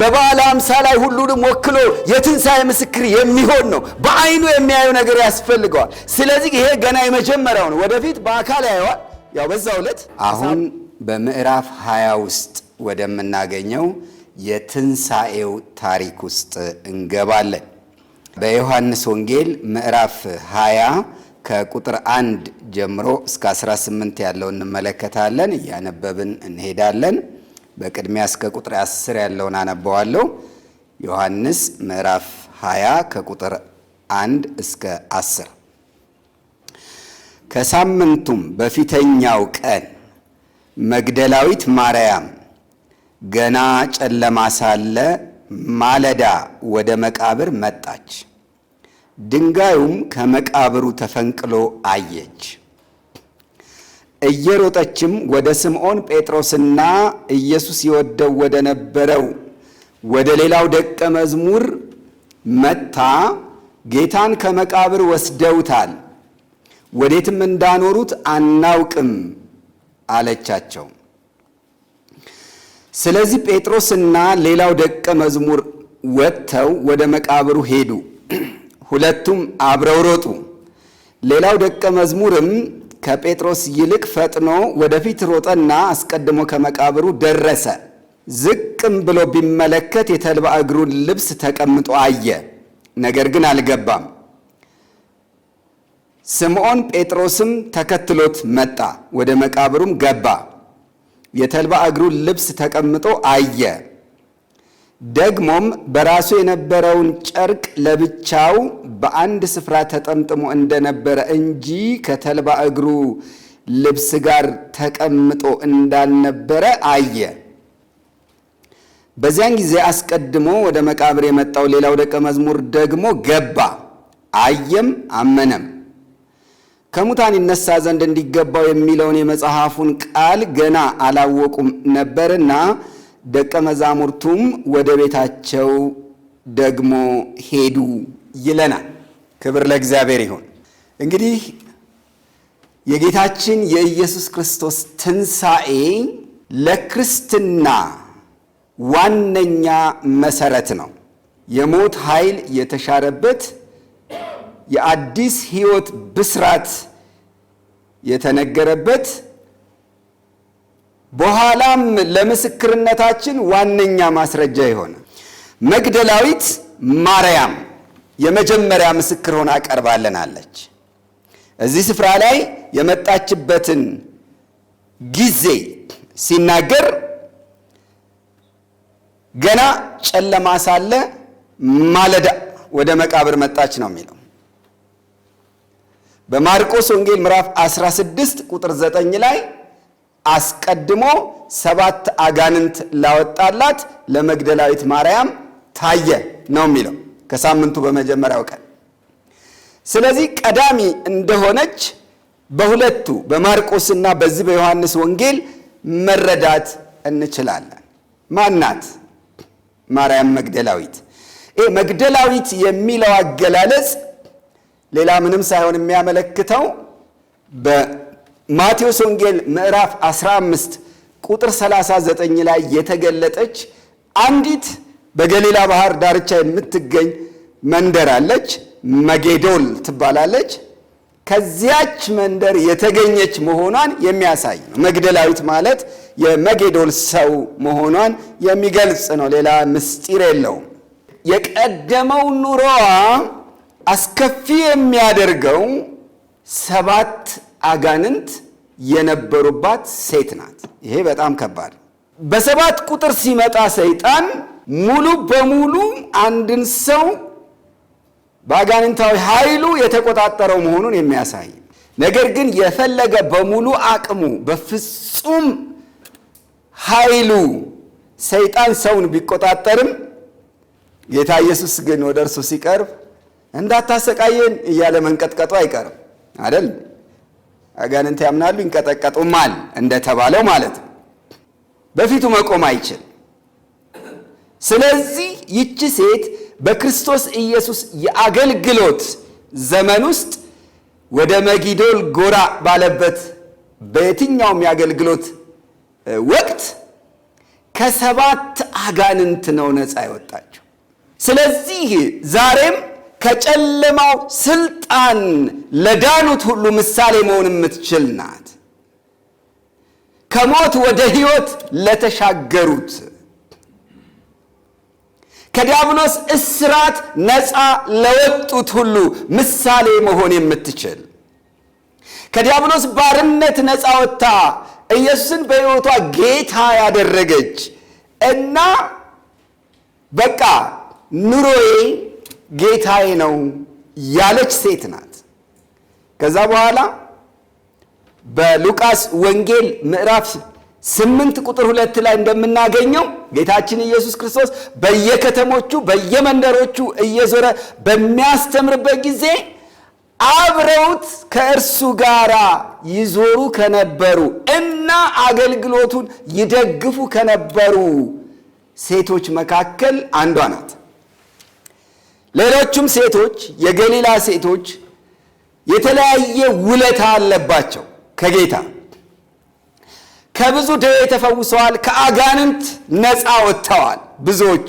በበዓለ ሃምሳ ላይ ሁሉንም ወክሎ የትንሣኤ ምስክር የሚሆን ነው። በአይኑ የሚያየው ነገር ያስፈልገዋል። ስለዚህ ይሄ ገና የመጀመሪያው ነው። ወደፊት በአካል ያየዋል። ያው በዛ ዕለት አሁን በምዕራፍ ሃያ ውስጥ ወደምናገኘው የትንሣኤው ታሪክ ውስጥ እንገባለን። በዮሐንስ ወንጌል ምዕራፍ 20 ከቁጥር 1 ጀምሮ እስከ 18 ያለው እንመለከታለን። እያነበብን እንሄዳለን። በቅድሚያ እስከ ቁጥር 10 ያለውን አነበዋለሁ። ዮሐንስ ምዕራፍ 20 ከቁጥር 1 እስከ 10 ከሳምንቱም በፊተኛው ቀን መግደላዊት ማርያም ገና ጨለማ ሳለ ማለዳ ወደ መቃብር መጣች። ድንጋዩም ከመቃብሩ ተፈንቅሎ አየች። እየሮጠችም ወደ ስምዖን ጴጥሮስና ኢየሱስ ይወደው ወደ ነበረው ወደ ሌላው ደቀ መዝሙር መታ። ጌታን ከመቃብር ወስደውታል፣ ወዴትም እንዳኖሩት አናውቅም አለቻቸው። ስለዚህ ጴጥሮስና ሌላው ደቀ መዝሙር ወጥተው ወደ መቃብሩ ሄዱ። ሁለቱም አብረው ሮጡ። ሌላው ደቀ መዝሙርም ከጴጥሮስ ይልቅ ፈጥኖ ወደፊት ሮጠና አስቀድሞ ከመቃብሩ ደረሰ። ዝቅም ብሎ ቢመለከት የተልባ እግሩን ልብስ ተቀምጦ አየ፣ ነገር ግን አልገባም። ስምዖን ጴጥሮስም ተከትሎት መጣ፣ ወደ መቃብሩም ገባ፣ የተልባ እግሩን ልብስ ተቀምጦ አየ ደግሞም በራሱ የነበረውን ጨርቅ ለብቻው በአንድ ስፍራ ተጠምጥሞ እንደነበረ እንጂ ከተልባ እግሩ ልብስ ጋር ተቀምጦ እንዳልነበረ አየ። በዚያን ጊዜ አስቀድሞ ወደ መቃብር የመጣው ሌላው ደቀ መዝሙር ደግሞ ገባ፣ አየም፣ አመነም። ከሙታን ይነሳ ዘንድ እንዲገባው የሚለውን የመጽሐፉን ቃል ገና አላወቁም ነበርና ደቀ መዛሙርቱም ወደ ቤታቸው ደግሞ ሄዱ ይለናል። ክብር ለእግዚአብሔር ይሁን። እንግዲህ የጌታችን የኢየሱስ ክርስቶስ ትንሣኤ ለክርስትና ዋነኛ መሰረት ነው። የሞት ኃይል የተሻረበት የአዲስ ሕይወት ብስራት የተነገረበት በኋላም ለምስክርነታችን ዋነኛ ማስረጃ የሆነ መግደላዊት ማርያም የመጀመሪያ ምስክር ሆና ቀርባልናለች። እዚህ ስፍራ ላይ የመጣችበትን ጊዜ ሲናገር ገና ጨለማ ሳለ ማለዳ ወደ መቃብር መጣች ነው የሚለው። በማርቆስ ወንጌል ምዕራፍ 16 ቁጥር 9 ላይ አስቀድሞ ሰባት አጋንንት ላወጣላት ለመግደላዊት ማርያም ታየ ነው የሚለው ከሳምንቱ በመጀመሪያው ቀን። ስለዚህ ቀዳሚ እንደሆነች በሁለቱ በማርቆስና በዚህ በዮሐንስ ወንጌል መረዳት እንችላለን። ማናት ማርያም መግደላዊት? ይህ መግደላዊት የሚለው አገላለጽ ሌላ ምንም ሳይሆን የሚያመለክተው ማቴዎስ ወንጌል ምዕራፍ 15 ቁጥር 39 ላይ የተገለጠች አንዲት በገሊላ ባህር ዳርቻ የምትገኝ መንደር አለች፣ መጌዶል ትባላለች። ከዚያች መንደር የተገኘች መሆኗን የሚያሳይ ነው። መግደላዊት ማለት የመጌዶል ሰው መሆኗን የሚገልጽ ነው። ሌላ ምስጢር የለውም። የቀደመው ኑሮዋ አስከፊ የሚያደርገው ሰባት አጋንንት የነበሩባት ሴት ናት። ይሄ በጣም ከባድ። በሰባት ቁጥር ሲመጣ ሰይጣን ሙሉ በሙሉ አንድን ሰው በአጋንንታዊ ኃይሉ የተቆጣጠረው መሆኑን የሚያሳይ ነገር ግን የፈለገ በሙሉ አቅሙ በፍጹም ኃይሉ ሰይጣን ሰውን ቢቆጣጠርም ጌታ ኢየሱስ ግን ወደ እርሱ ሲቀርብ እንዳታሰቃየን እያለ መንቀጥቀጡ አይቀርም አደል? አጋንንት ያምናሉ ይንቀጠቀጡማል እንደተባለው ማለት ነው። በፊቱ መቆም አይችል። ስለዚህ ይቺ ሴት በክርስቶስ ኢየሱስ የአገልግሎት ዘመን ውስጥ ወደ መጊዶል ጎራ ባለበት በየትኛውም የአገልግሎት ወቅት ከሰባት አጋንንት ነው ነፃ ይወጣቸው? ስለዚህ ዛሬም ከጨለማው ስልጣን ለዳኑት ሁሉ ምሳሌ መሆን የምትችል ናት። ከሞት ወደ ሕይወት ለተሻገሩት ከዲያብሎስ እስራት ነፃ ለወጡት ሁሉ ምሳሌ መሆን የምትችል ከዲያብሎስ ባርነት ነፃ ወጥታ ኢየሱስን በሕይወቷ ጌታ ያደረገች እና በቃ ኑሮዬ ጌታዬ ነው ያለች ሴት ናት። ከዛ በኋላ በሉቃስ ወንጌል ምዕራፍ ስምንት ቁጥር ሁለት ላይ እንደምናገኘው ጌታችን ኢየሱስ ክርስቶስ በየከተሞቹ በየመንደሮቹ እየዞረ በሚያስተምርበት ጊዜ አብረውት ከእርሱ ጋር ይዞሩ ከነበሩ እና አገልግሎቱን ይደግፉ ከነበሩ ሴቶች መካከል አንዷ ናት። ሌሎቹም ሴቶች የገሊላ ሴቶች የተለያየ ውለታ አለባቸው ከጌታ ከብዙ ደዌ ተፈውሰዋል፣ ከአጋንንት ነፃ ወጥተዋል ብዙዎቹ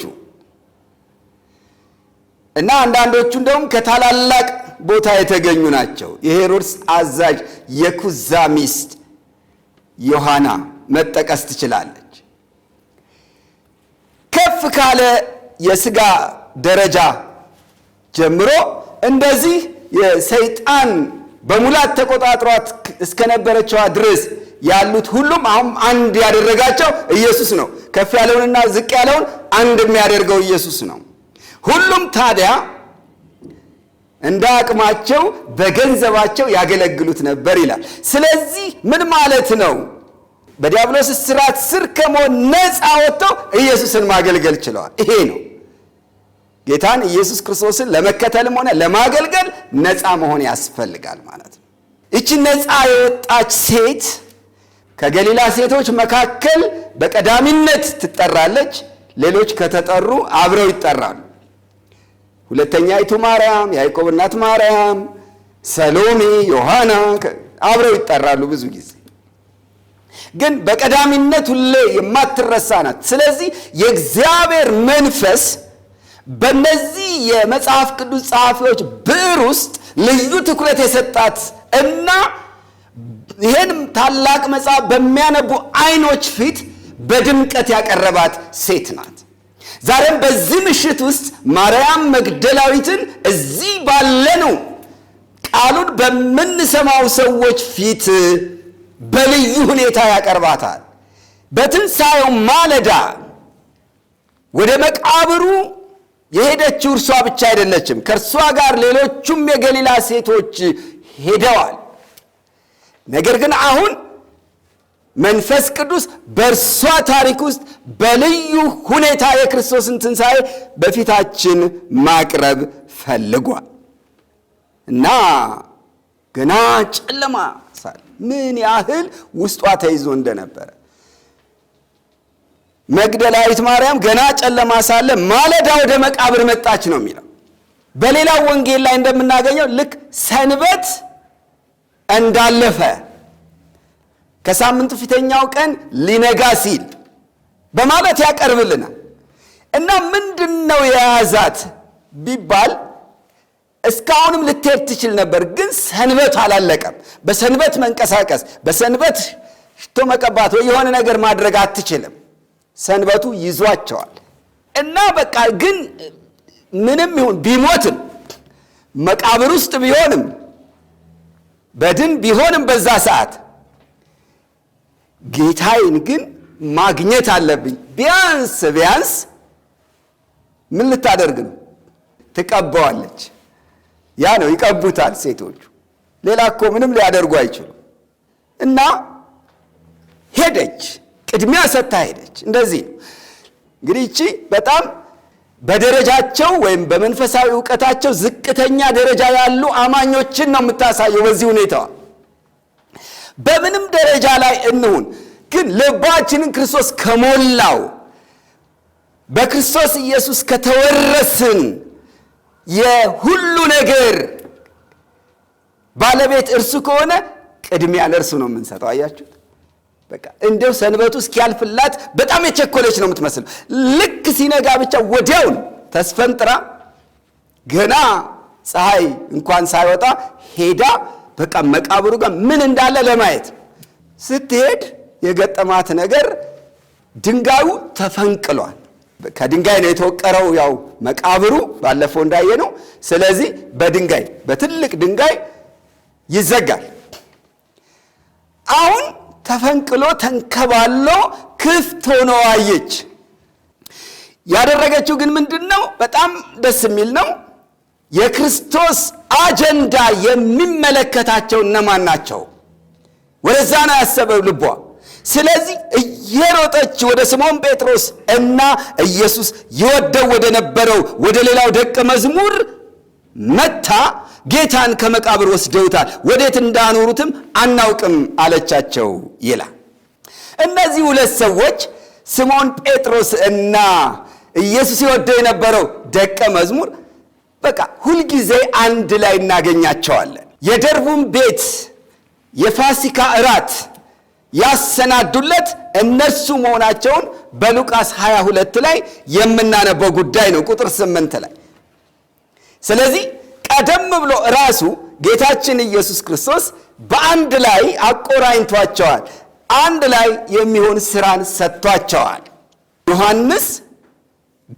እና አንዳንዶቹ እንደውም ከታላላቅ ቦታ የተገኙ ናቸው። የሄሮድስ አዛዥ የኩዛ ሚስት ዮሐና መጠቀስ ትችላለች። ከፍ ካለ የስጋ ደረጃ ጀምሮ እንደዚህ የሰይጣን በሙላት ተቆጣጥሯት እስከነበረችዋ ድረስ ያሉት ሁሉም አሁን አንድ ያደረጋቸው ኢየሱስ ነው። ከፍ ያለውንና ዝቅ ያለውን አንድ የሚያደርገው ኢየሱስ ነው። ሁሉም ታዲያ እንደ አቅማቸው በገንዘባቸው ያገለግሉት ነበር ይላል። ስለዚህ ምን ማለት ነው? በዲያብሎስ ስራት ስር ከመሆን ነፃ ወጥተው ኢየሱስን ማገልገል ችለዋል። ይሄ ነው ጌታን ኢየሱስ ክርስቶስን ለመከተልም ሆነ ለማገልገል ነፃ መሆን ያስፈልጋል ማለት ነው። እቺ ነፃ የወጣች ሴት ከገሊላ ሴቶች መካከል በቀዳሚነት ትጠራለች። ሌሎች ከተጠሩ አብረው ይጠራሉ። ሁለተኛይቱ ማርያም፣ ያዕቆብ እናት ማርያም፣ ሰሎሜ፣ ዮሐና አብረው ይጠራሉ። ብዙ ጊዜ ግን በቀዳሚነት ሁሌ የማትረሳ ናት። ስለዚህ የእግዚአብሔር መንፈስ በነዚህ የመጽሐፍ ቅዱስ ጸሐፊዎች ብዕር ውስጥ ልዩ ትኩረት የሰጣት እና ይህን ታላቅ መጽሐፍ በሚያነቡ አይኖች ፊት በድምቀት ያቀረባት ሴት ናት። ዛሬም በዚህ ምሽት ውስጥ ማርያም መግደላዊትን እዚህ ባለነው ቃሉን በምንሰማው ሰዎች ፊት በልዩ ሁኔታ ያቀርባታል። በትንሣኤው ማለዳ ወደ መቃብሩ የሄደችው እርሷ ብቻ አይደለችም። ከእርሷ ጋር ሌሎቹም የገሊላ ሴቶች ሄደዋል። ነገር ግን አሁን መንፈስ ቅዱስ በእርሷ ታሪክ ውስጥ በልዩ ሁኔታ የክርስቶስን ትንሣኤ በፊታችን ማቅረብ ፈልጓል እና ገና ጨለማ ሳል ምን ያህል ውስጧ ተይዞ እንደነበረ መግደላዊት ማርያም ገና ጨለማ ሳለ ማለዳ ወደ መቃብር መጣች ነው የሚለው። በሌላው ወንጌል ላይ እንደምናገኘው ልክ ሰንበት እንዳለፈ ከሳምንቱ ፊተኛው ቀን ሊነጋ ሲል በማለት ያቀርብልናል። እና ምንድን ነው የያዛት ቢባል እስካሁንም ልትሄድ ትችል ነበር፣ ግን ሰንበቱ አላለቀም። በሰንበት መንቀሳቀስ፣ በሰንበት ሽቶ መቀባት ወይ የሆነ ነገር ማድረግ አትችልም። ሰንበቱ ይዟቸዋል እና በቃ ግን ምንም ይሁን ቢሞትም መቃብር ውስጥ ቢሆንም በድን ቢሆንም በዛ ሰዓት ጌታዬን ግን ማግኘት አለብኝ። ቢያንስ ቢያንስ ምን ልታደርግ ነው? ትቀበዋለች። ያ ነው ይቀቡታል ሴቶቹ። ሌላ እኮ ምንም ሊያደርጉ አይችሉም። እና ሄደች ቅድሚያ ሰጥታ ሄደች። እንደዚህ ነው እንግዲህ እቺ በጣም በደረጃቸው ወይም በመንፈሳዊ እውቀታቸው ዝቅተኛ ደረጃ ያሉ አማኞችን ነው የምታሳየው። በዚህ ሁኔታዋ በምንም ደረጃ ላይ እንሁን፣ ግን ልባችንን ክርስቶስ ከሞላው በክርስቶስ ኢየሱስ ከተወረስን የሁሉ ነገር ባለቤት እርሱ ከሆነ ቅድሚያ ለእርሱ ነው የምንሰጠው። አያችሁት? በቃ እንደው ሰንበቱ እስኪያልፍላት በጣም የቸኮለች ነው የምትመስል። ልክ ሲነጋ ብቻ ወዲያውን ተስፈንጥራ ገና ፀሐይ እንኳን ሳይወጣ ሄዳ በቃ መቃብሩ ጋር ምን እንዳለ ለማየት ስትሄድ የገጠማት ነገር ድንጋዩ ተፈንቅሏል። ከድንጋይ ነው የተወቀረው ያው መቃብሩ ባለፈው እንዳየ ነው። ስለዚህ በድንጋይ በትልቅ ድንጋይ ይዘጋል። አሁን ተፈንቅሎ ተንከባሎ ክፍት ሆኖ አየች። ያደረገችው ግን ምንድን ነው? በጣም ደስ የሚል ነው። የክርስቶስ አጀንዳ የሚመለከታቸው እነማን ናቸው? ወደዛ ነው ያሰበው ልቧ። ስለዚህ እየሮጠች ወደ ስምዖን ጴጥሮስ እና ኢየሱስ ይወደው ወደ ነበረው ወደ ሌላው ደቀ መዝሙር መታ ጌታን ከመቃብር ወስደውታል፣ ወዴት እንዳኖሩትም አናውቅም አለቻቸው ይላል። እነዚህ ሁለት ሰዎች ስምዖን ጴጥሮስ እና ኢየሱስ ይወደው የነበረው ደቀ መዝሙር በቃ ሁልጊዜ አንድ ላይ እናገኛቸዋለን። የደርቡን ቤት የፋሲካ እራት ያሰናዱለት እነሱ መሆናቸውን በሉቃስ 22 ላይ የምናነበው ጉዳይ ነው። ቁጥር 8 ላይ ስለዚህ ቀደም ብሎ ራሱ ጌታችን ኢየሱስ ክርስቶስ በአንድ ላይ አቆራኝቷቸዋል። አንድ ላይ የሚሆን ስራን ሰጥቷቸዋል። ዮሐንስ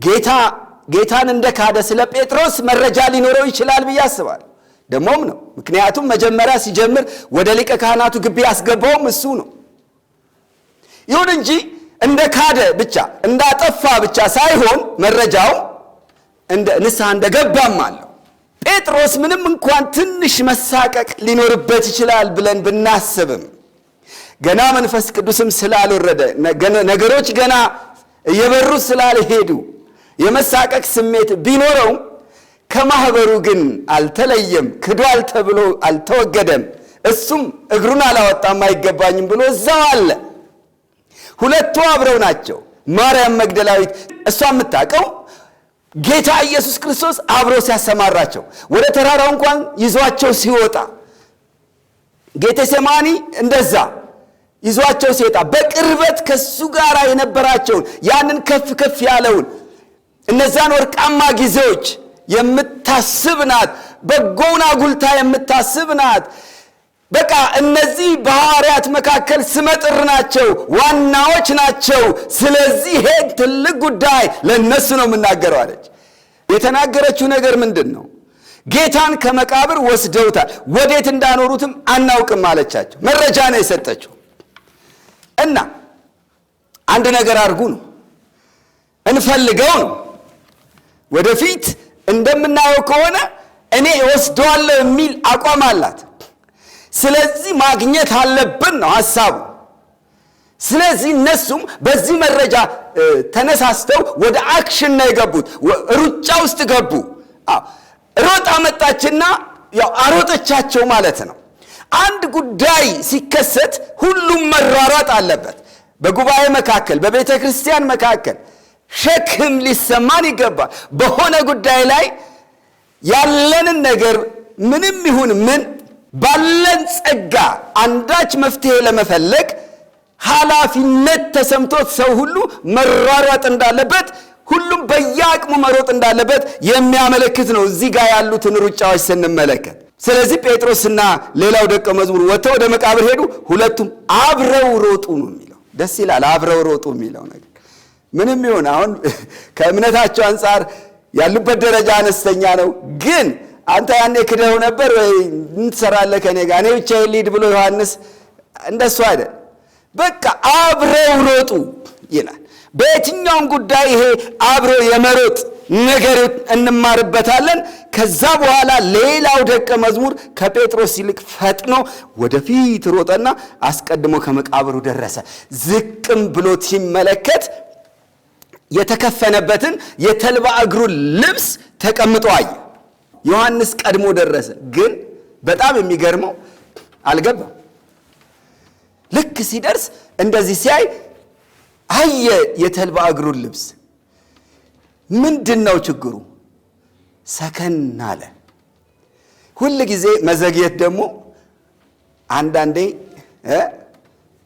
ጌታ ጌታን እንደ ካደ ስለ ጴጥሮስ መረጃ ሊኖረው ይችላል ብዬ አስባል ደግሞም ነው። ምክንያቱም መጀመሪያ ሲጀምር ወደ ሊቀ ካህናቱ ግቢ ያስገባውም እሱ ነው። ይሁን እንጂ እንደ ካደ ብቻ እንዳጠፋ ብቻ ሳይሆን መረጃውም። ንስሐ እንደገባም አለው። ጴጥሮስ ምንም እንኳን ትንሽ መሳቀቅ ሊኖርበት ይችላል ብለን ብናስብም ገና መንፈስ ቅዱስም ስላልወረደ ነገሮች ገና እየበሩ ስላልሄዱ የመሳቀቅ ስሜት ቢኖረውም ከማኅበሩ ግን አልተለየም፣ ክዷል ተብሎ አልተወገደም። እሱም እግሩን አላወጣም አይገባኝም ብሎ እዛው አለ። ሁለቱ አብረው ናቸው። ማርያም መግደላዊት እሷ የምታውቀው ጌታ ኢየሱስ ክርስቶስ አብሮ ሲያሰማራቸው ወደ ተራራው እንኳን ይዟቸው ሲወጣ ጌቴሴማኒ እንደዛ ይዟቸው ሲወጣ በቅርበት ከሱ ጋር የነበራቸውን ያንን ከፍ ከፍ ያለውን እነዛን ወርቃማ ጊዜዎች የምታስብ ናት። በጎውን አጉልታ የምታስብ ናት። በቃ እነዚህ ባህርያት መካከል ስመጥር ናቸው፣ ዋናዎች ናቸው። ስለዚህ ሄድ ትልቅ ጉዳይ ለእነሱ ነው የምናገረው አለች። የተናገረችው ነገር ምንድን ነው? ጌታን ከመቃብር ወስደውታል፣ ወዴት እንዳኖሩትም አናውቅም አለቻቸው። መረጃ ነው የሰጠችው። እና አንድ ነገር አድርጉ ነው እንፈልገው ነው። ወደፊት እንደምናየው ከሆነ እኔ ወስደዋለሁ የሚል አቋም አላት። ስለዚህ ማግኘት አለብን ነው ሀሳቡ። ስለዚህ እነሱም በዚህ መረጃ ተነሳስተው ወደ አክሽን ነው የገቡት፣ ሩጫ ውስጥ ገቡ። ሮጥ አመጣችና ያው አሮጠቻቸው ማለት ነው። አንድ ጉዳይ ሲከሰት ሁሉም መሯሯጥ አለበት። በጉባኤ መካከል፣ በቤተ ክርስቲያን መካከል ሸክም ሊሰማን ይገባል። በሆነ ጉዳይ ላይ ያለንን ነገር ምንም ይሁን ምን ባለን ጸጋ አንዳች መፍትሄ ለመፈለግ ኃላፊነት ተሰምቶት ሰው ሁሉ መሯሯጥ እንዳለበት ሁሉም በየአቅሙ መሮጥ እንዳለበት የሚያመለክት ነው እዚህ ጋር ያሉትን ሩጫዎች ስንመለከት። ስለዚህ ጴጥሮስና ሌላው ደቀ መዝሙር ወጥተው ወደ መቃብር ሄዱ፣ ሁለቱም አብረው ሮጡ ነው የሚለው። ደስ ይላል። አብረው ሮጡ የሚለው ነገር ምንም ይሁን አሁን ከእምነታቸው አንጻር ያሉበት ደረጃ አነስተኛ ነው ግን አንተ ያኔ ክደው ነበር ወይ እንትሰራለ ከኔ ጋር እኔ ብቻ ልሂድ ብሎ ዮሐንስ እንደሱ አይደል። በቃ አብረው ሮጡ ይላል። በየትኛውም ጉዳይ ይሄ አብሮ የመሮጥ ነገር እንማርበታለን። ከዛ በኋላ ሌላው ደቀ መዝሙር ከጴጥሮስ ይልቅ ፈጥኖ ወደፊት ሮጠና አስቀድሞ ከመቃብሩ ደረሰ። ዝቅም ብሎ ሲመለከት የተከፈነበትን የተልባ እግሩ ልብስ ተቀምጦ አየ። ዮሐንስ ቀድሞ ደረሰ። ግን በጣም የሚገርመው አልገባም። ልክ ሲደርስ እንደዚህ ሲያይ አየ የተልባ እግሩን ልብስ። ምንድን ነው ችግሩ? ሰከን አለ። ሁል ጊዜ መዘግየት ደግሞ አንዳንዴ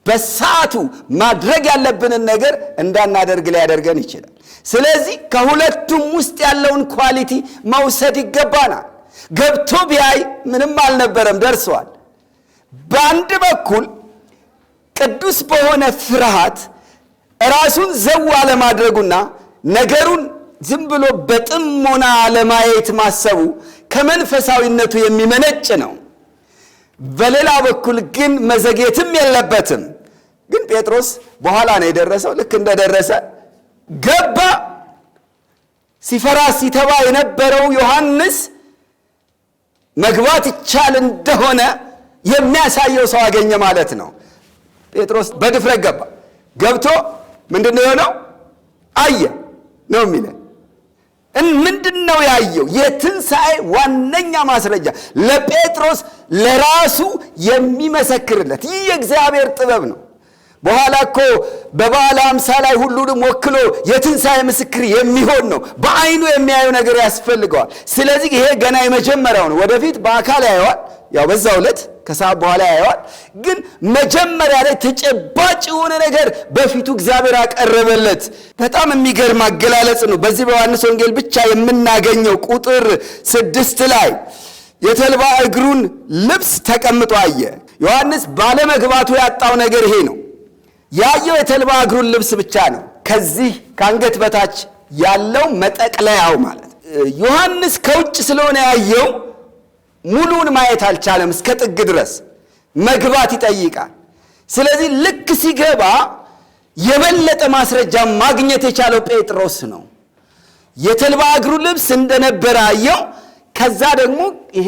በሰዓቱ ማድረግ ያለብንን ነገር እንዳናደርግ ሊያደርገን ይችላል። ስለዚህ ከሁለቱም ውስጥ ያለውን ኳሊቲ መውሰድ ይገባናል። ገብቶ ቢያይ ምንም አልነበረም ደርሰዋል። በአንድ በኩል ቅዱስ በሆነ ፍርሃት ራሱን ዘው አለማድረጉና ነገሩን ዝም ብሎ በጥሞና ለማየት ማሰቡ ከመንፈሳዊነቱ የሚመነጭ ነው። በሌላ በኩል ግን መዘግየትም የለበትም። ግን ጴጥሮስ በኋላ ነው የደረሰው። ልክ እንደደረሰ ገባ። ሲፈራ ሲተባ የነበረው ዮሐንስ መግባት ይቻል እንደሆነ የሚያሳየው ሰው አገኘ ማለት ነው። ጴጥሮስ በድፍረት ገባ። ገብቶ ምንድን ነው የሆነው? አየ ነው የሚለ ምንድን ነው ያየው? የትንሣኤ ዋነኛ ማስረጃ ለጴጥሮስ ለራሱ የሚመሰክርለት ይህ የእግዚአብሔር ጥበብ ነው። በኋላ እኮ በበዓለ ሃምሳ ላይ ሁሉንም ወክሎ የትንሣኤ ምስክር የሚሆን ነው። በአይኑ የሚያየው ነገር ያስፈልገዋል። ስለዚህ ይሄ ገና የመጀመሪያው ነው። ወደፊት በአካል ያየዋል፣ ያው በዛው ዕለት ከሰዓት በኋላ ያየዋል። ግን መጀመሪያ ላይ ተጨባጭ የሆነ ነገር በፊቱ እግዚአብሔር አቀረበለት በጣም የሚገርም አገላለጽ ነው። በዚህ በዮሐንስ ወንጌል ብቻ የምናገኘው ቁጥር ስድስት ላይ የተልባ እግሩን ልብስ ተቀምጦ አየ። ዮሐንስ ባለመግባቱ ያጣው ነገር ይሄ ነው። ያየው የተልባ እግሩን ልብስ ብቻ ነው። ከዚህ ከአንገት በታች ያለው መጠቅለያው ማለት ዮሐንስ ከውጭ ስለሆነ ያየው ሙሉውን ማየት አልቻለም። እስከ ጥግ ድረስ መግባት ይጠይቃል። ስለዚህ ልክ ሲገባ የበለጠ ማስረጃ ማግኘት የቻለው ጴጥሮስ ነው። የተልባ እግሩ ልብስ እንደነበረ አየው። ከዛ ደግሞ ይሄ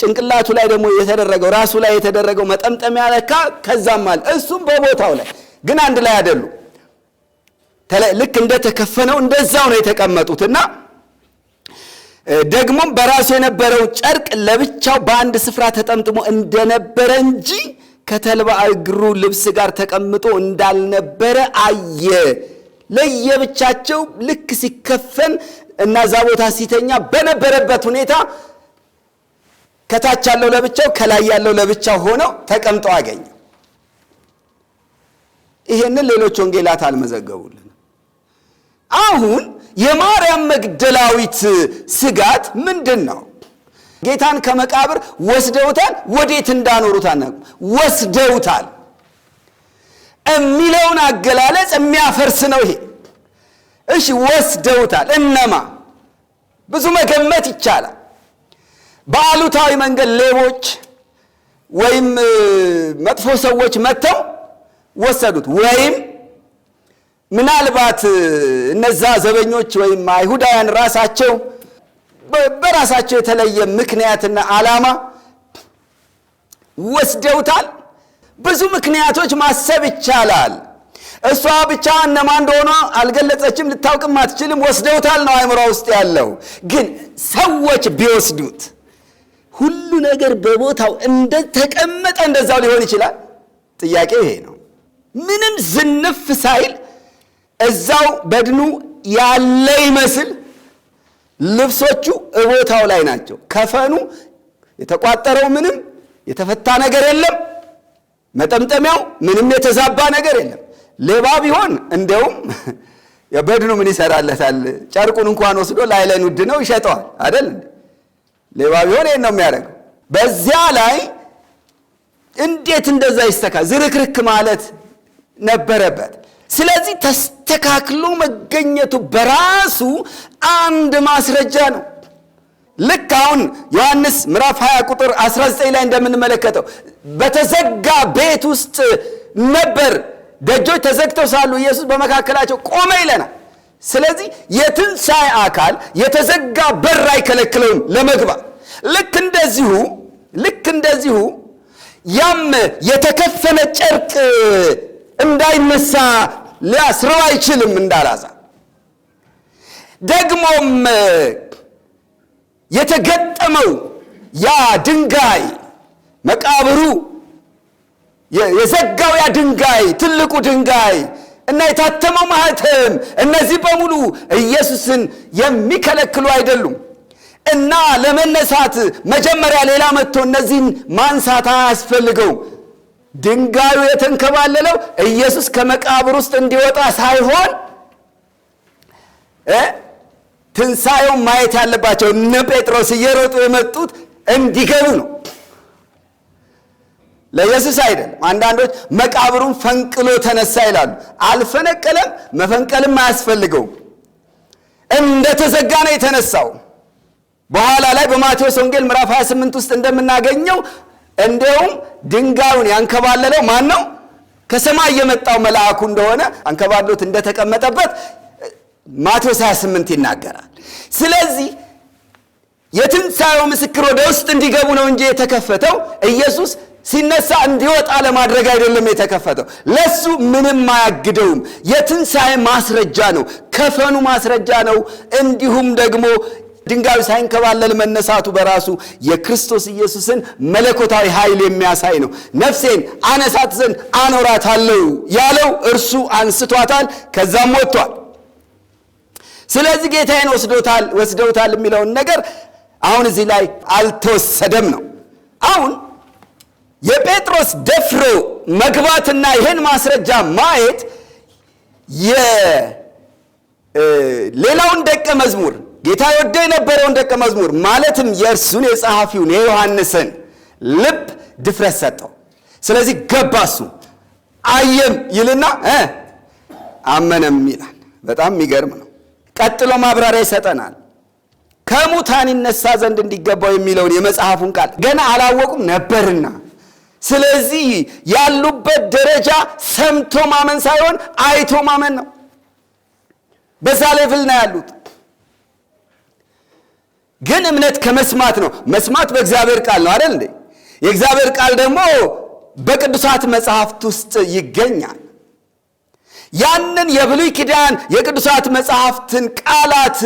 ጭንቅላቱ ላይ ደግሞ የተደረገው ራሱ ላይ የተደረገው መጠምጠሚያ ለካ ከዛም አለ እሱም በቦታው ላይ ግን አንድ ላይ አይደሉ። ልክ እንደተከፈነው እንደዛው ነው የተቀመጡትና ደግሞም በራሱ የነበረው ጨርቅ ለብቻው በአንድ ስፍራ ተጠምጥሞ እንደነበረ እንጂ ከተልባ እግሩ ልብስ ጋር ተቀምጦ እንዳልነበረ አየ። ለየብቻቸው ልክ ሲከፈን እና እዛ ቦታ ሲተኛ በነበረበት ሁኔታ ከታች ያለው ለብቻው ከላይ ያለው ለብቻው ሆነው ተቀምጠው አገኘ። ይሄንን ሌሎች ወንጌላት አልመዘገቡልን አሁን የማርያም መግደላዊት ስጋት ምንድን ነው? ጌታን ከመቃብር ወስደውታል፣ ወዴት እንዳኖሩት አናቁ ወስደውታል የሚለውን አገላለጽ የሚያፈርስ ነው ይሄ። እሺ ወስደውታል፣ እነማ ብዙ መገመት ይቻላል። በአሉታዊ መንገድ ሌቦች ወይም መጥፎ ሰዎች መጥተው ወሰዱት። ወይም ምናልባት እነዛ ዘበኞች ወይም አይሁዳውያን ራሳቸው በራሳቸው የተለየ ምክንያትና ዓላማ ወስደውታል። ብዙ ምክንያቶች ማሰብ ይቻላል። እሷ ብቻ እነማን እንደሆነ አልገለጸችም፣ ልታውቅም አትችልም። ወስደውታል ነው አእምሯ ውስጥ ያለው። ግን ሰዎች ቢወስዱት ሁሉ ነገር በቦታው እንደተቀመጠ እንደዛው ሊሆን ይችላል። ጥያቄው ይሄ ነው። ምንም ዝንፍ ሳይል እዛው በድኑ ያለ ይመስል ልብሶቹ እቦታው ላይ ናቸው። ከፈኑ የተቋጠረው ምንም የተፈታ ነገር የለም። መጠምጠሚያው ምንም የተዛባ ነገር የለም። ሌባ ቢሆን እንደውም በድኑ ምን ይሰራለታል? ጨርቁን እንኳን ወስዶ ላይለን ውድ ነው ይሸጠዋል አደል? ሌባ ቢሆን ይህን ነው የሚያደርገው። በዚያ ላይ እንዴት እንደዛ ይስተካል? ዝርክርክ ማለት ነበረበት። ስለዚህ ተስተካክሎ መገኘቱ በራሱ አንድ ማስረጃ ነው። ልክ አሁን ዮሐንስ ምዕራፍ 20 ቁጥር 19 ላይ እንደምንመለከተው በተዘጋ ቤት ውስጥ ነበር፣ ደጆች ተዘግተው ሳሉ ኢየሱስ በመካከላቸው ቆመ ይለናል። ስለዚህ የትንሣኤ አካል የተዘጋ በር አይከለክለውም ለመግባት። ልክ እንደዚሁ ልክ እንደዚሁ ያም የተከፈለ ጨርቅ እንዳይነሳ ሊያስረው አይችልም እንዳላዛ ደግሞም የተገጠመው ያ ድንጋይ መቃብሩ የዘጋው ያ ድንጋይ ትልቁ ድንጋይ እና የታተመው ማህተም እነዚህ በሙሉ ኢየሱስን የሚከለክሉ አይደሉም። እና ለመነሳት መጀመሪያ ሌላ መጥቶ እነዚህን ማንሳት አያስፈልገውም። ድንጋዩ የተንከባለለው ኢየሱስ ከመቃብር ውስጥ እንዲወጣ ሳይሆን ትንሣኤውን ማየት ያለባቸው እነ ጴጥሮስ እየሮጡ የመጡት እንዲገቡ ነው፣ ለኢየሱስ አይደለም። አንዳንዶች መቃብሩን ፈንቅሎ ተነሳ ይላሉ። አልፈነቀለም፣ መፈንቀልም አያስፈልገውም። እንደተዘጋ ነው የተነሳው። በኋላ ላይ በማቴዎስ ወንጌል ምዕራፍ 28 ውስጥ እንደምናገኘው እንደውም ድንጋዩን ያንከባለለው ማን ነው? ከሰማይ የመጣው መልአኩ እንደሆነ አንከባሎት እንደተቀመጠበት ማቴዎስ 28 ይናገራል። ስለዚህ የትንሣኤው ምስክር ወደ ውስጥ እንዲገቡ ነው እንጂ የተከፈተው ኢየሱስ ሲነሳ እንዲወጣ ለማድረግ አይደለም የተከፈተው። ለሱ ምንም አያግደውም። የትንሣኤ ማስረጃ ነው፣ ከፈኑ ማስረጃ ነው። እንዲሁም ደግሞ ድንጋዩ ሳይንከባለል መነሳቱ በራሱ የክርስቶስ ኢየሱስን መለኮታዊ ኃይል የሚያሳይ ነው። ነፍሴን አነሳት ዘንድ አኖራታለሁ ያለው እርሱ አንስቷታል፣ ከዛም ወጥቷል። ስለዚህ ጌታዬን ወስዶታል ወስደውታል የሚለውን ነገር አሁን እዚህ ላይ አልተወሰደም ነው። አሁን የጴጥሮስ ደፍሮ መግባትና ይህን ማስረጃ ማየት የሌላውን ደቀ መዝሙር ጌታ ወደ የነበረውን ደቀ መዝሙር ማለትም የእርሱን የጸሐፊውን የዮሐንስን ልብ ድፍረት ሰጠው። ስለዚህ ገባሱ አየም ይልና አመነም ይላል። በጣም የሚገርም ነው። ቀጥሎ ማብራሪያ ይሰጠናል። ከሙታን ይነሳ ዘንድ እንዲገባው የሚለውን የመጽሐፉን ቃል ገና አላወቁም ነበርና ስለዚህ ያሉበት ደረጃ ሰምቶ ማመን ሳይሆን አይቶ ማመን ነው። በዛ ሌቭል ነው ያሉት። ግን እምነት ከመስማት ነው። መስማት በእግዚአብሔር ቃል ነው አይደል እንዴ? የእግዚአብሔር ቃል ደግሞ በቅዱሳት መጽሐፍት ውስጥ ይገኛል። ያንን የብሉይ ኪዳን የቅዱሳት መጽሐፍትን ቃላት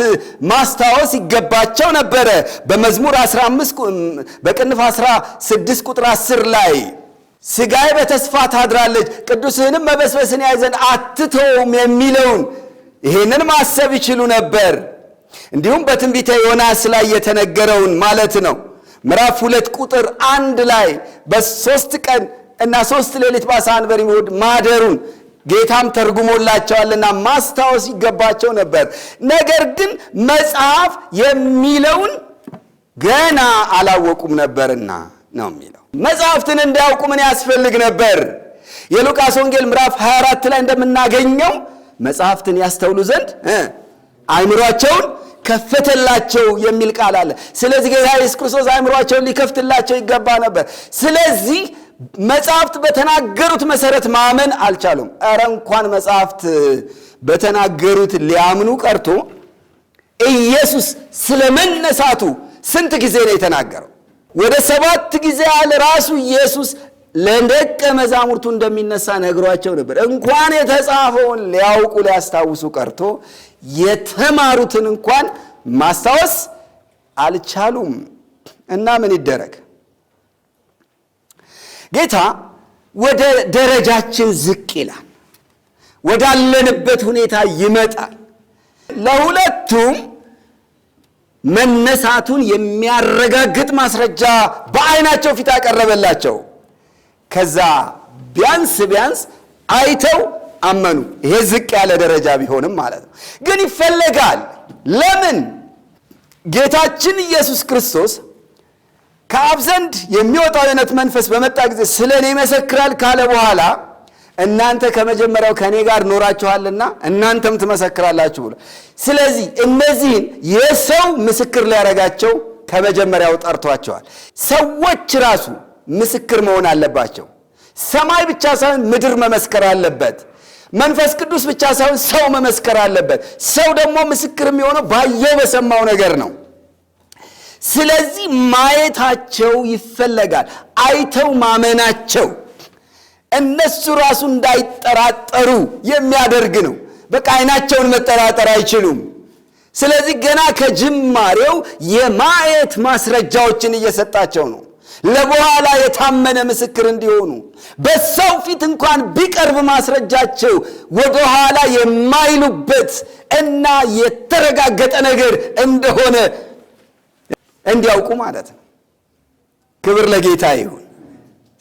ማስታወስ ይገባቸው ነበረ። በመዝሙር 15 በቅንፍ 16 ቁጥር 10 ላይ ሥጋዬ በተስፋ ታድራለች፣ ቅዱስህንም መበስበስን ያይዘን አትተውም የሚለውን ይህንን ማሰብ ይችሉ ነበር። እንዲሁም በትንቢተ ዮናስ ላይ የተነገረውን ማለት ነው። ምዕራፍ ሁለት ቁጥር አንድ ላይ በሶስት ቀን እና ሶስት ሌሊት በዓሣ አንበሪ ማደሩን ጌታም ተርጉሞላቸዋልና ማስታወስ ይገባቸው ነበር። ነገር ግን መጽሐፍ የሚለውን ገና አላወቁም ነበርና ነው የሚለው። መጽሐፍትን እንዲያውቁ ምን ያስፈልግ ነበር? የሉቃስ ወንጌል ምዕራፍ 24 ላይ እንደምናገኘው መጽሐፍትን ያስተውሉ ዘንድ አይምሯቸውን ከፈተላቸው የሚል ቃል አለ። ስለዚህ ጌታ ኢየሱስ ክርስቶስ አእምሯቸውን ሊከፍትላቸው ይገባ ነበር። ስለዚህ መጽሐፍት በተናገሩት መሰረት ማመን አልቻሉም። እረ እንኳን መጽሐፍት በተናገሩት ሊያምኑ ቀርቶ ኢየሱስ ስለ መነሳቱ ስንት ጊዜ ነው የተናገረው? ወደ ሰባት ጊዜ ያህል ራሱ ኢየሱስ ለደቀ መዛሙርቱ እንደሚነሳ ነግሯቸው ነበር። እንኳን የተጻፈውን ሊያውቁ ሊያስታውሱ ቀርቶ የተማሩትን እንኳን ማስታወስ አልቻሉም። እና ምን ይደረግ? ጌታ ወደ ደረጃችን ዝቅ ይላል፣ ወዳለንበት ሁኔታ ይመጣል። ለሁለቱም መነሳቱን የሚያረጋግጥ ማስረጃ በአይናቸው ፊት አቀረበላቸው። ከዛ ቢያንስ ቢያንስ አይተው አመኑ። ይሄ ዝቅ ያለ ደረጃ ቢሆንም ማለት ነው። ግን ይፈለጋል። ለምን? ጌታችን ኢየሱስ ክርስቶስ ከአብ ዘንድ የሚወጣው የእውነት መንፈስ በመጣ ጊዜ ስለ እኔ ይመሰክራል ካለ በኋላ እናንተ ከመጀመሪያው ከእኔ ጋር ኖራችኋልና እናንተም ትመሰክራላችሁ ብሎ፣ ስለዚህ እነዚህን የሰው ምስክር ሊያረጋቸው ከመጀመሪያው ጠርቷቸዋል። ሰዎች ራሱ ምስክር መሆን አለባቸው። ሰማይ ብቻ ሳይሆን ምድር መመስከር አለበት። መንፈስ ቅዱስ ብቻ ሳይሆን ሰው መመስከር አለበት። ሰው ደግሞ ምስክር የሚሆነው ባየው በሰማው ነገር ነው። ስለዚህ ማየታቸው ይፈለጋል። አይተው ማመናቸው እነሱ ራሱ እንዳይጠራጠሩ የሚያደርግ ነው። በቃ አይናቸውን መጠራጠር አይችሉም። ስለዚህ ገና ከጅማሬው የማየት ማስረጃዎችን እየሰጣቸው ነው። ለበኋላ የታመነ ምስክር እንዲሆኑ በሰው ፊት እንኳን ቢቀርብ ማስረጃቸው ወደኋላ የማይሉበት እና የተረጋገጠ ነገር እንደሆነ እንዲያውቁ ማለት ነው። ክብር ለጌታ ይሁን።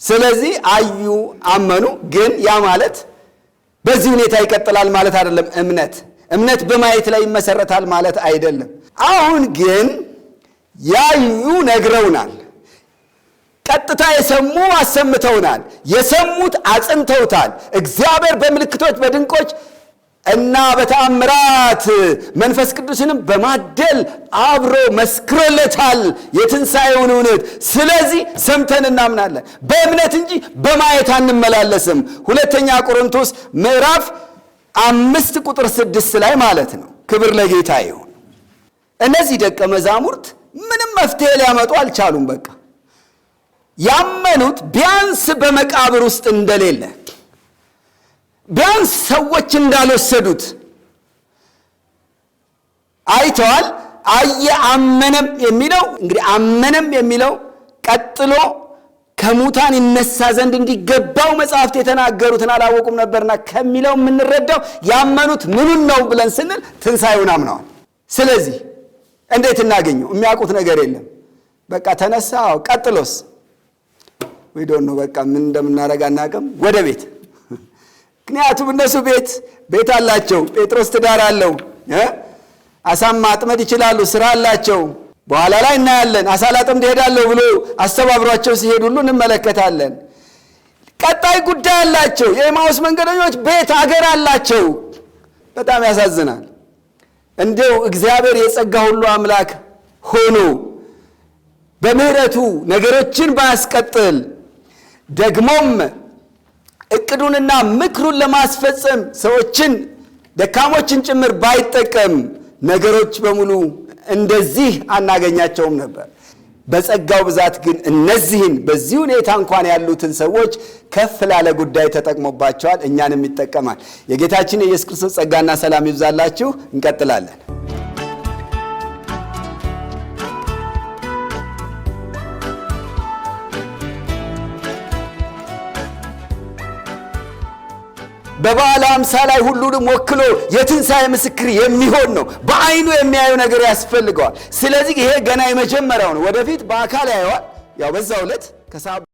ስለዚህ አዩ፣ አመኑ። ግን ያ ማለት በዚህ ሁኔታ ይቀጥላል ማለት አይደለም። እምነት እምነት በማየት ላይ ይመሰረታል ማለት አይደለም። አሁን ግን ያዩ ነግረውናል ቀጥታ የሰሙ አሰምተውናል፣ የሰሙት አጽንተውታል። እግዚአብሔር በምልክቶች በድንቆች እና በተአምራት መንፈስ ቅዱስንም በማደል አብሮ መስክሮለታል የትንሣኤውን እውነት። ስለዚህ ሰምተን እናምናለን፣ በእምነት እንጂ በማየት አንመላለስም። ሁለተኛ ቆሮንቶስ ምዕራፍ አምስት ቁጥር ስድስት ላይ ማለት ነው። ክብር ለጌታ ይሁን። እነዚህ ደቀ መዛሙርት ምንም መፍትሄ ሊያመጡ አልቻሉም። በቃ ያመኑት ቢያንስ በመቃብር ውስጥ እንደሌለ ቢያንስ ሰዎች እንዳልወሰዱት አይተዋል። አየ አመነም የሚለው እንግዲህ አመነም የሚለው ቀጥሎ ከሙታን ይነሳ ዘንድ እንዲገባው መጽሐፍት የተናገሩትን አላወቁም ነበርና ከሚለው የምንረዳው ያመኑት ምኑን ነው ብለን ስንል ትንሣኤውን አምነዋል። ስለዚህ እንዴት እናገኘው? የሚያውቁት ነገር የለም። በቃ ተነሳ። ቀጥሎስ ዊዶን ነው በቃ ምን እንደምናደርግ አናውቅም። ወደ ቤት ምክንያቱም እነሱ ቤት ቤት አላቸው። ጴጥሮስ ትዳር አለው። አሳም ማጥመድ ይችላሉ። ስራ አላቸው። በኋላ ላይ እናያለን። አሳ ላጥምድ እሄዳለሁ ብሎ አስተባብሯቸው ሲሄድ ሁሉ እንመለከታለን። ቀጣይ ጉዳይ አላቸው። የኤማውስ መንገደኞች ቤት አገር አላቸው። በጣም ያሳዝናል። እንዲው እግዚአብሔር የጸጋ ሁሉ አምላክ ሆኖ በምሕረቱ ነገሮችን ባያስቀጥል ደግሞም እቅዱንና ምክሩን ለማስፈጸም ሰዎችን ደካሞችን ጭምር ባይጠቀም ነገሮች በሙሉ እንደዚህ አናገኛቸውም ነበር። በጸጋው ብዛት ግን እነዚህን በዚህ ሁኔታ እንኳን ያሉትን ሰዎች ከፍ ላለ ጉዳይ ተጠቅሞባቸዋል፣ እኛንም ይጠቀማል። የጌታችን የኢየሱስ ክርስቶስ ጸጋና ሰላም ይብዛላችሁ። እንቀጥላለን። በበዓለ አምሳ ላይ ሁሉንም ወክሎ የትንሣኤ ምስክር የሚሆን ነው። በአይኑ የሚያዩ ነገር ያስፈልገዋል። ስለዚህ ይሄ ገና የመጀመሪያው ነው። ወደፊት በአካል ያየዋል። ያው በዛ ዕለት ከሰዓት